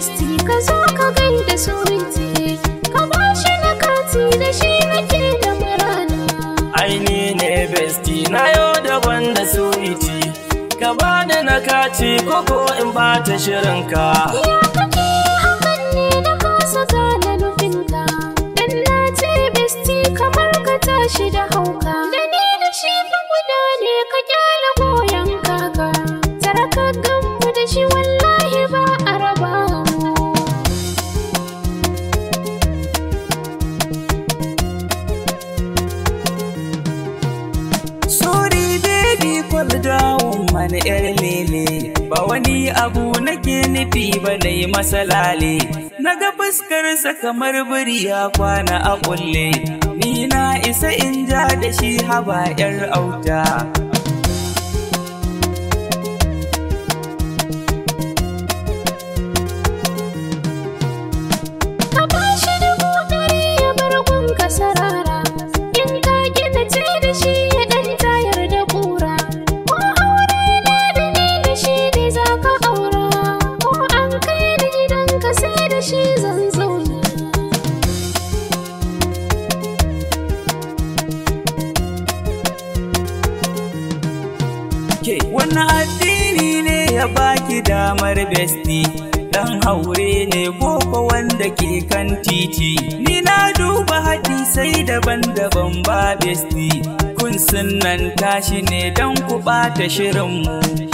Kazo ka zo ka gaida ka ba shi na kati da shi nake da murana aini ne besti na yau daban da suriti ka ba da na kati koko in bata shirin ka. ya kake hakan ne na kasa gane nufinka dan na ce besti kamar ka tashi da hauka da ni da shi fa guda ne ka gyara withdrawal mana yar lele ba wani abu nake nufi ba na yi masalale na ga fuskarsa kamar biri ya kwana a kulle ni na isa in ja da shi haba yar auta Wani addini ne ya baki damar besti Dan haure ne koko wanda ke kan titi Ni na duba hadisai daban-daban ba besti Kun sunan tashi ne dan ku ɓata mu.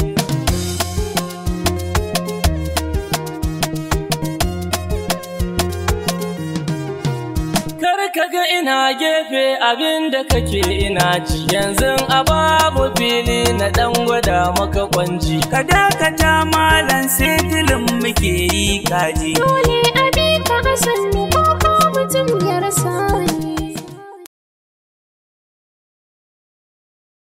kaga ina gefe abinda kake ina ci yanzu a babu fili na dan gwada maka kwanji ka dakata malam setilin muke yi kaji dole abin ka sannu ko mutum ya rasa